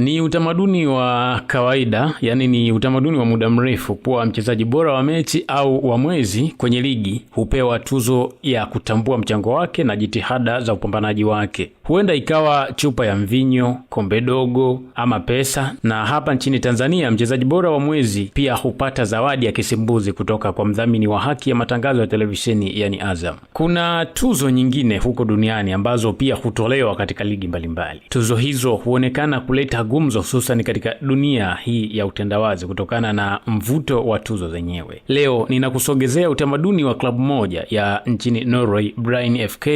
Ni utamaduni wa kawaida, yani ni utamaduni wa muda mrefu kuwa mchezaji bora wa mechi au wa mwezi kwenye ligi hupewa tuzo ya kutambua mchango wake na jitihada za upambanaji wake huenda ikawa chupa ya mvinyo, kombe dogo ama pesa. Na hapa nchini Tanzania, mchezaji bora wa mwezi pia hupata zawadi ya kisimbuzi kutoka kwa mdhamini wa haki ya matangazo ya televisheni, yani Azam. Kuna tuzo nyingine huko duniani ambazo pia hutolewa katika ligi mbalimbali. Tuzo hizo huonekana kuleta gumzo, hususan katika dunia hii ya utandawazi kutokana na mvuto wa tuzo zenyewe. Leo ninakusogezea utamaduni wa klabu moja ya nchini Norway, Brann FK,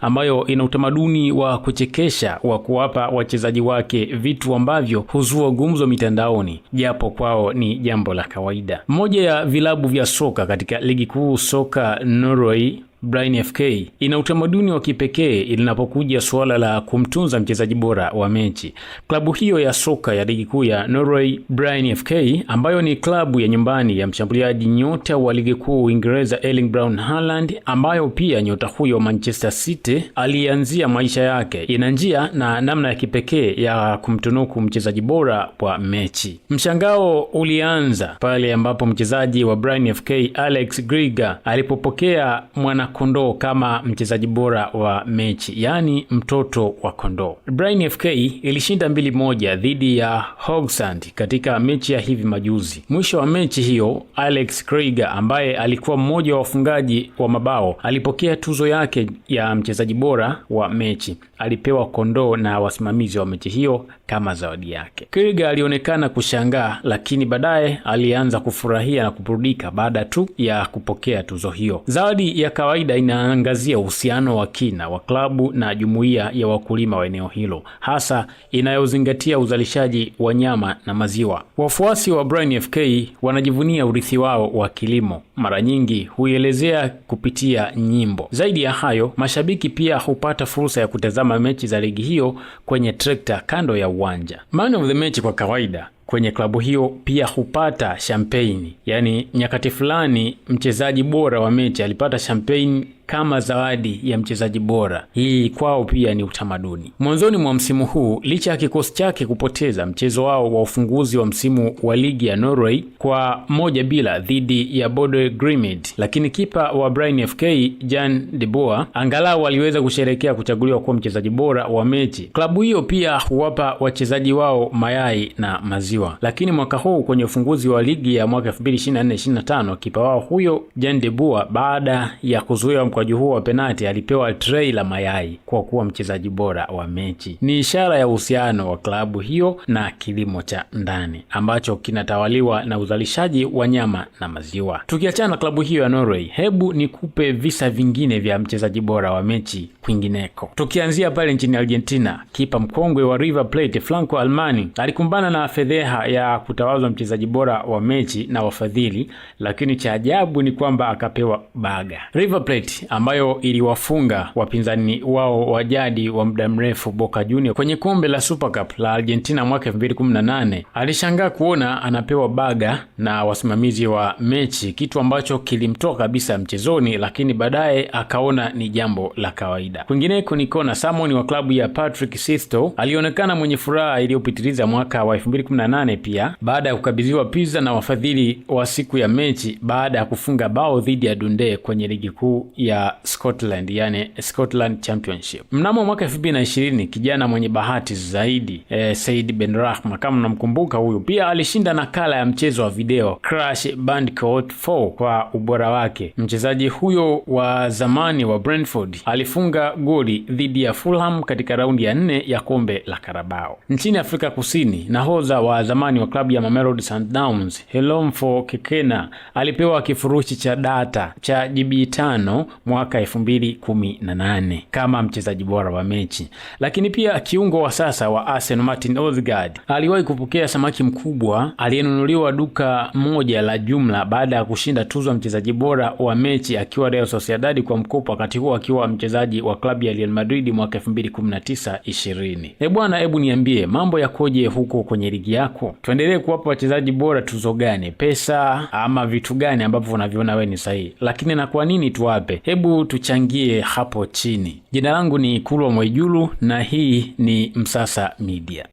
ambayo ina utamaduni wa kuchekesha wa kuwapa wachezaji wake vitu ambavyo huzua gumzo mitandaoni, japo kwao ni jambo la kawaida. Moja ya vilabu vya soka katika ligi kuu soka Norway Brian FK ina utamaduni wa kipekee linapokuja suala la kumtunza mchezaji bora wa mechi. Klabu hiyo ya soka ya ligi kuu ya Norway, Brian FK, ambayo ni klabu ya nyumbani ya mshambuliaji nyota wa ligi kuu Uingereza Erling Brown Haaland, ambayo pia nyota huyo wa Manchester City alianzia maisha yake, ina njia na namna ya kipekee ya kumtunuku mchezaji bora wa mechi. Mshangao ulianza pale ambapo mchezaji wa Brian FK Alex Griga alipopokea mwana kondoo kama mchezaji bora wa mechi, yaani mtoto wa kondoo. Brian FK ilishinda mbili moja dhidi ya Hogsand katika mechi ya hivi majuzi. Mwisho wa mechi hiyo, Alex Krieger ambaye alikuwa mmoja wa wafungaji wa mabao alipokea tuzo yake ya mchezaji bora wa mechi. Alipewa kondoo na wasimamizi wa mechi hiyo kama zawadi yake. Krieger alionekana kushangaa, lakini baadaye alianza kufurahia na kuburudika baada tu ya kupokea tuzo hiyo. Zawadi ya kawaida kawaida inaangazia uhusiano wa kina wa klabu na jumuiya ya wakulima wa eneo hilo, hasa inayozingatia uzalishaji wa nyama na maziwa. Wafuasi wa Brian FK wanajivunia urithi wao wa kilimo, mara nyingi huielezea kupitia nyimbo. Zaidi ya hayo, mashabiki pia hupata fursa ya kutazama mechi za ligi hiyo kwenye trekta kando ya uwanja. Man of the match kwa kawaida kwenye klabu hiyo pia hupata champagne. Yaani nyakati fulani mchezaji bora wa mechi alipata champagne kama zawadi ya mchezaji bora. Hii kwao pia ni utamaduni. Mwanzoni mwa msimu huu, licha ya kikosi chake kupoteza mchezo wao wa ufunguzi wa msimu wa ligi ya Norway kwa moja bila dhidi ya Bodø Glimt, lakini kipa wa Brian FK Jan de Boer angalau aliweza kusherekea kuchaguliwa kuwa mchezaji bora wa mechi. Klabu hiyo pia huwapa wachezaji wao mayai na maziwa, lakini mwaka huu kwenye ufunguzi wa ligi ya mwaka 2024-2025 kipa wao huyo Jan de Boer baada ya kuzuiwa mkwaju huo wa penati alipewa trei la mayai kwa kuwa mchezaji bora wa mechi. Ni ishara ya uhusiano wa klabu hiyo na kilimo cha ndani ambacho kinatawaliwa na uzalishaji wa nyama na maziwa. Tukiachana na klabu hiyo ya Norway, hebu nikupe visa vingine vya mchezaji bora wa mechi kwingineko, tukianzia pale nchini Argentina. Kipa mkongwe wa River Plate Franco Almani alikumbana na fedheha ya kutawazwa mchezaji bora wa mechi na wafadhili, lakini cha ajabu ni kwamba akapewa baga. River Plate ambayo iliwafunga wapinzani wao wa jadi wa muda mrefu Boca Junior kwenye kombe la Super Cup la Argentina mwaka 2018. Alishangaa kuona anapewa baga na wasimamizi wa mechi, kitu ambacho kilimtoa kabisa mchezoni, lakini baadaye akaona ni jambo la kawaida. Kwingineko ni Kona Samoni wa klabu ya Patrick Sisto alionekana mwenye furaha iliyopitiliza mwaka wa 2018 pia baada ya kukabidhiwa pizza na wafadhili wa siku ya mechi baada ya kufunga bao dhidi ya Dundee kwenye ligi kuu ya ya Scotland, yani Scotland Championship. Mnamo mwaka 2020 kijana mwenye bahati zaidi eh, Said rahma kama mnamkumbuka huyu, pia alishinda nakala ya mchezo wa video Crash Bandicoot 4 kwa ubora wake. Mchezaji huyo wa zamani wa Brentford alifunga goli dhidi ya Fulham katika raundi ya nne ya kombe la Karabao. Nchini Afrika Kusini, nahodha wa zamani wa klabu ya Mamelodi Sundowns Helomfo Kekena alipewa kifurushi cha data cha GB5 mwaka 2018 kama mchezaji bora wa mechi. Lakini pia kiungo wa sasa wa Arsenal Martin Odegaard aliwahi kupokea samaki mkubwa aliyenunuliwa duka moja la jumla baada ya kushinda tuzo ya mchezaji bora wa mechi akiwa Real Sociedad kwa mkopo, wakati huo akiwa mchezaji wa klabu ya Real Madrid mwaka 2019 20. E bwana, hebu niambie mambo yakoje huko kwenye ligi yako? Tuendelee kuwapa wachezaji bora tuzo gani? Pesa ama vitu gani ambavyo unaviona wewe ni sahihi? Lakini na kwa nini tuwape? Hebu tuchangie hapo chini. Jina langu ni Kulwa Mwaijulu na hii ni Msasa Media.